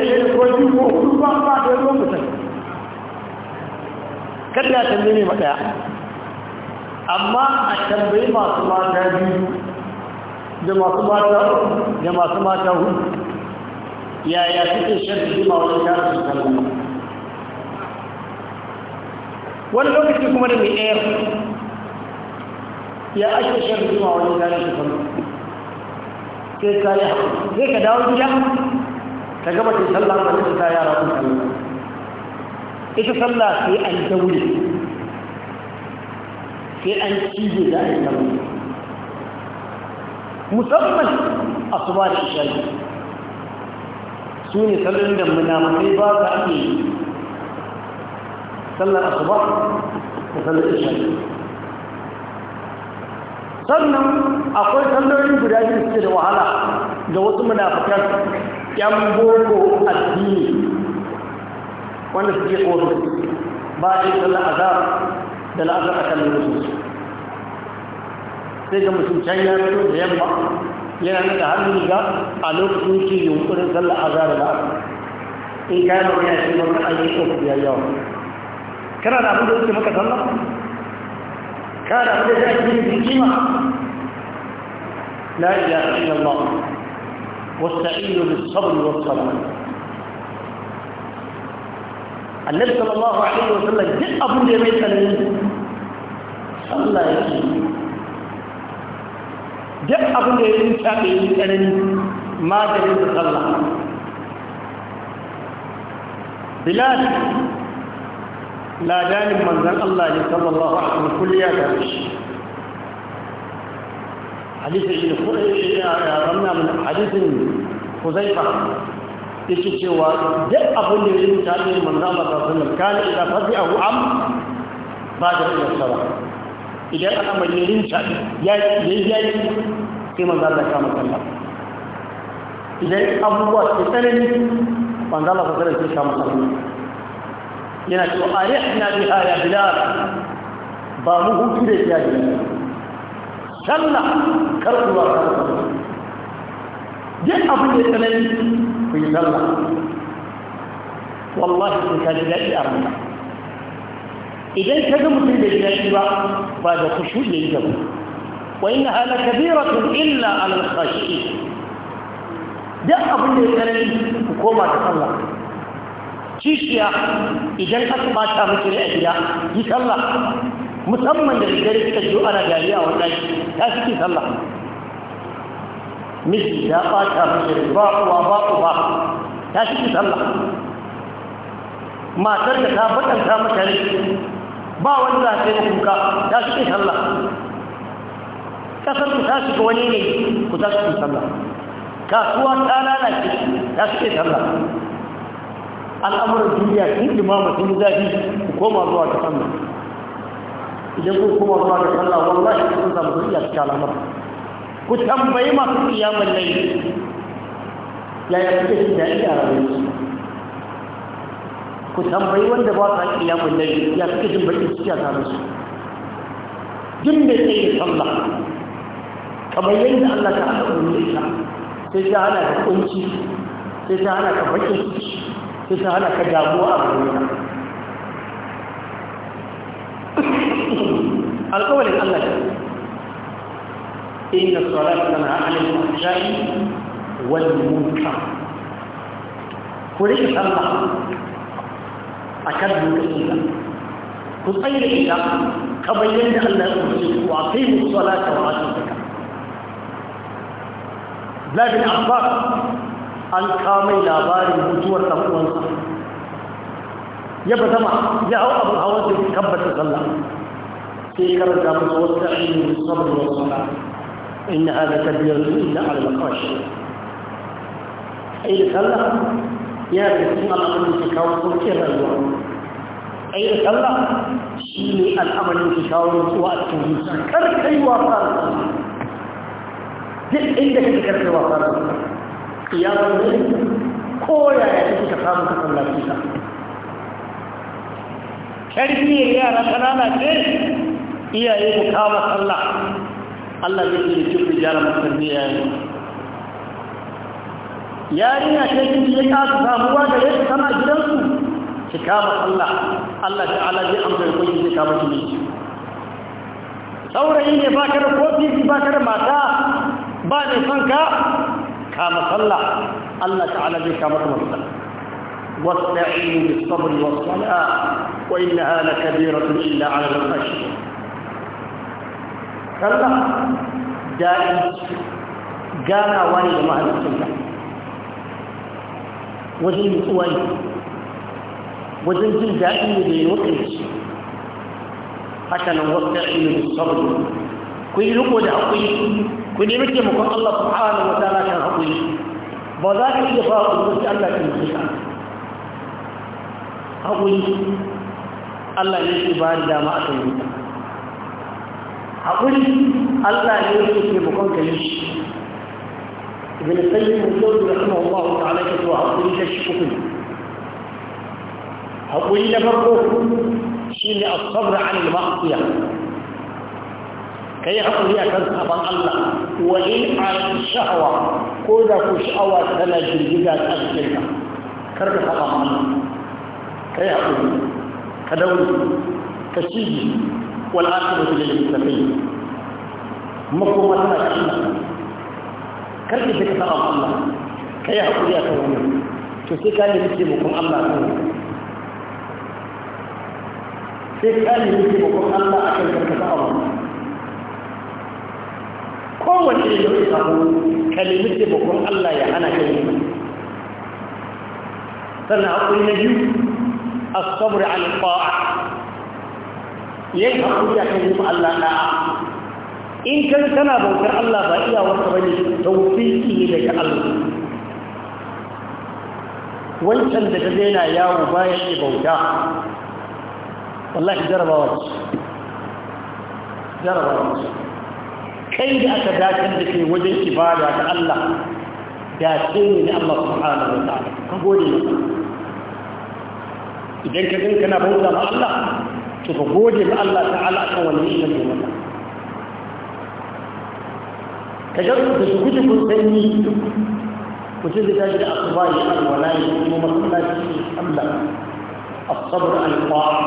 Speaker 3: ɗaya ko biyu
Speaker 1: ko ba ba da ruwan mutum kada ya tambaye ne maɗaya amma a tambayi masu mata biyu da masu mata da masu mata hudu yaya suke shan jima wajen kasu sallah wani lokaci kuma da mai ɗaya ya ake shan zuma wani gane shi kuma sai ka yi zai ka dawo gida ka gaba ta sallah ba ta ta yara kun sallah ita sallah sai an daure sai an cije da a yi sallah musamman a su ba da shi su ne salon da munafukai ba ka ake sallar asuba da sallar isha sannan akwai sallolin guda biyu suke da wahala ga wasu munafikan yan boko addini wanda suke tsoro ba a yi sallar azhar da la'azar a kan lokacin su sai ga mutum can ya fito da yamma yana nuna hannun ga a lokacin ke yunkurin sallar azhar da la'azar in kayan magana shi maka ayyukan ku ya yawa kana da abin da wuce maka sallah kana da abin da ya ji ne kima la ilaha illallah wasta'inu bis sabr was salat annabi sallallahu alaihi wasallam duk abin da ya mai tsanani sallah yake duk abin da ya yi tsabe yi tsanani maganin da sallah bilal ladanin manzan Allah ne sallallahu alaihi wasallam kulliya da shi hadisin ramna min hadisin huzaifa cewa duk abin da ya yi mutane manzan Allah sallallahu alaihi wasallam kana idan fadi'ahu am ba da ila sala idan aka mayyarin ta ya yi yayi sai manzan Allah kama sallah idan abubuwa ke tsanani manzan Allah sallallahu alaihi wasallam sai kama yana yi arihna biha ya bilal ba mu hutu da ya sallah kar ku ba
Speaker 2: duk abin da tsanani ku yi
Speaker 1: sallah wallahi sun ka daɗi a rana. idan ka ga mutum da ji ba ba da ku shuɗe yi gaba wa inna hala kabiratun illa alal khashi duk abin ya tsanani ku koma da sallah kishiya idan aka ba ta rai a gida yi sallah musamman da dare kika ji ana gari a wannan ta shi sallah miji ya bata miki rai ba uwa ba ba ta shi sallah matar da ta bakanta mata rai ba wanda za ta yi kuka ta shi sallah kasar ku ta shiga wani ne ku ta shi sallah kasuwa ta lalace ta shi sallah al'amuran duniya sun masu sun zafi ku koma zuwa ta sannan idan ku koma zuwa sannan wanda shi sun samu sun iya cikin al'amura ku tambayi masu kiyamun ya yaya suke shi da iya su ku tambayi wanda ba sa kiyamun laili ya suke jin baki ya tare su jin da yi sallah kamar yadda Allah ta hada umarni ta sai ta hana ka kunci sai ta hana ka baƙin. sai sun hana ka damuwa a duniya alƙawalin Allah ne inna salata tana alil fahsha'i wal munkar ku rike sallah akan lokacin ku tsaye da ita kamar yadda Allah ya umarce ku a kai mu salata wa atu zakat Zabi Abbas an kamai labarin mutuwar ɗan'uwansa ya ba zama ya hau abu hawan da tabbata sallah sai karanta musu wasu ainihin sabon wasu إن هذا كبير إلا على المقاشر أي كلا يا بسم الله من تكاور كير الوان أي كلا شيني الأمر من تكاور وأتوه كر كي وقال جد عندك ذكر وقال kiyamun ne ko yaya take ka samu ka sallace ta tarbiyyar yara kanana ce iyaye ku kama sallah Allah ya ce ki ku gyara masarbiya ne yarinya ce kin je ka samuwa da yadda tana gidansu ki kama Allah Allah ta'ala zai amsa ku ki kama ki ne saurayi ne ba ka da kofi ba ka da mata ba ne ka? kama sallah Allah ta'ala zai kama واستعينوا بالصبر والصلاة وإنها لكبيرة إلا على الخشية كلا دائما قال واني جماعة السنة وزن قوي وزن جل دائم بيوقف حتى لو نوقع بالصبر كل لقوة حقيقي ku nemi taimakon Allah subhanahu wa ta'ala kan haƙuri ba za ka iya fara ƙudurci Allah kan mutuka haƙuri Allah ne ke ba da dama a kan mutuka haƙuri Allah ne ke taimakon ka yi shi ibn sayyid mujahid rahimahullah ta'ala ke cewa haƙuri ta shi uku haƙuri na farko shine as-sabr 'ala al-ma'siyah ka yi haƙuri a kan sabon Allah wa in a sha'awa ko da ku sha'awa tana girgiza a cikin ka kar ka saba ma Allah ka yi haƙuri ka dauri ka shigi wal akhiratu lil muttaqin makoma tana cikin ka kar ka saka saba ma Allah ka yi haƙuri a kan wannan to sai ka nemi taimakon Allah kan sai ka nemi taimakon Allah a kan karkata abu kowace irin abu ka nemi taimakon Allah ya hana ka yi sannan haƙuri na biyu a saboda alfa'a yin haƙuri a kan yi Allah na in kan tana bautar Allah ba iya wata bane taufiki ne daga Allah wancan da ta daina yawo baya yi bauta wallahi jarabawa jarabawa kai da aka dakin da ke wajen ibada da Allah da ce ne na Allah subhanahu wa ta'ala ka gode masa idan ka ganka na bauta ma Allah to ka gode ma Allah ta'ala akan wannan ilmin da maka ka ga da su guje kun sanyi mutum da tashi da asuba ya alwala ya kuma masallaci Allah الصبر الطاعة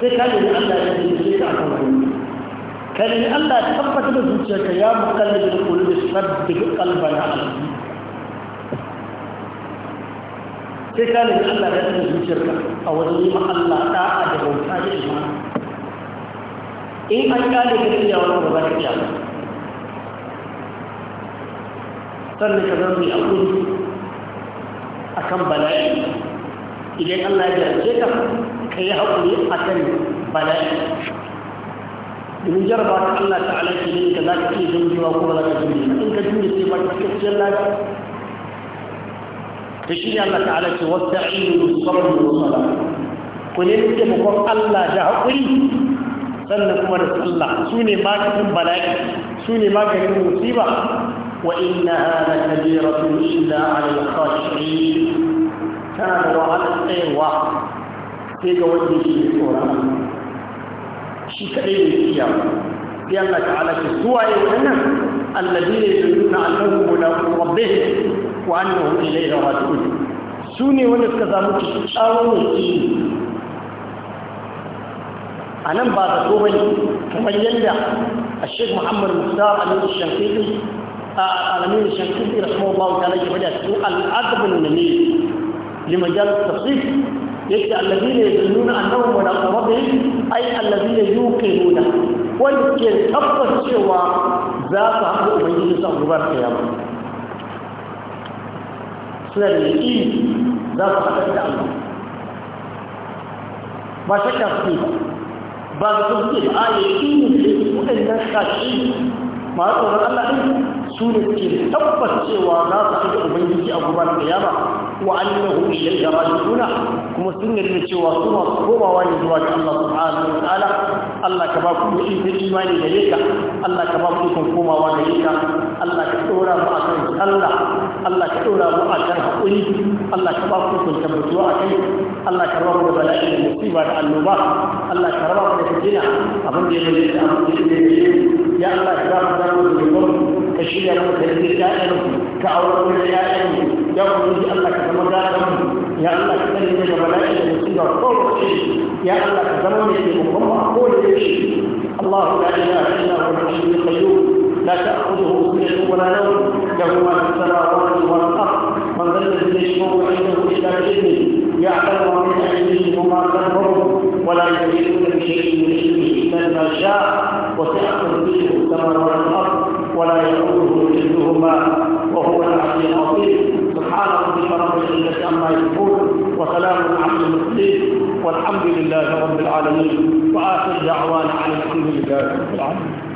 Speaker 1: sai kalin Allah ya yi da shi akan wani kalin Allah ya tabbata da zuciyarka ya mukallin kullu sabbik qalbana alayhi sai kalin Allah ya tabbata da zuciyarka a wajen yi ma Allah da'a da bauta da imani in an kale ka iya wani ba za ka iya ba sannan ka zama mai akuri akan bala'i idan Allah ya jarce ka ka yi haƙuri a kan bala'i domin jarraba ta Allah ta'ala ke yin ka za ka iya jinjewa ko ba za ka jinjewa in ka jinjewa sai ba ta cikakkiyar lafiya ta shi Allah ta'ala ce wasu da'inu musamman da wasu ku ne muke makon Allah da haƙuri sannan kuma da sallah su ne maganin bala'i su ne maganin musiba wa inna hada kabiratun illa ala al-khashi'in tana da wahalar tsayarwa sai ga wanda shi ne tsoron shi kaɗai ne iya sai Allah ta'ala ce zuwa yi wannan allazi ne da nuna annahu mulaku rabbih wa annahu ilayhi raji'un su ne wanda suka samu ne yaki a nan ba zato ba ne kamar yadda a sheik muhammad musa alamin shankiri a alamin shankiri da kuma bawa ta rage bada su al'adabin da ne limajar tafsir يعني الذين يظنون انهم ملاقى ربهم اي الذين يوقنون ويمكن تبقى سوى ذات عبد ابيه بن القيامة سنة اليقين ذات عبد الله ما شك فيه بعد آية تبقى الآية إن لكم أن الشاشين ما أقول أن الله سنة كيف تبقى سوى ذات عبد ابيه سبحانه القيامة وأنه إليه راجعون kuma sun da cewa suna masu komawa ne zuwa ga Allah subhanahu wa ta'ala Allah ka ba ku ikon imani da yaka Allah ka ba ku ikon komawa da yaka Allah ka dora mu akan sallah Allah ka dora mu akan hakuri Allah ka ba ku ikon tabbatuwa kai. Allah ka raba mu da bala'i da musiba da annoba Allah ka raba mu da fitina abin da ya zama da abin da ya ya Allah ka ba mu da mu ka shirya mu ka yi da ka aure mu da ƴaƴanmu ya ubangiji Allah ka zama da mu ya Allah ka tsare daga bala'i da musiba ko wace ya Allah ka zama mai taimakon mu a kowace shi Allahu la ilaha illa huwa al-hayyul qayyum la ta'khudhuhu sinatun wa la nawm lahu ma fi samawati wa al-ard man dhal ladhi yashfa'u 'indahu illa bi'idhnih يعلم ما بين أيديهم وما خلفهم ولا يحيطون بشيء من علمه إلا ما شاء وسع كرسيه السماوات والأرض ولا يؤوده حفظهما وهو العلي العظيم سبحان ربك رب العزة عما يصفون وسلام على المرسلين والحمد لله رب العالمين وآخر دعوانا عن الحمد لله رب العالمين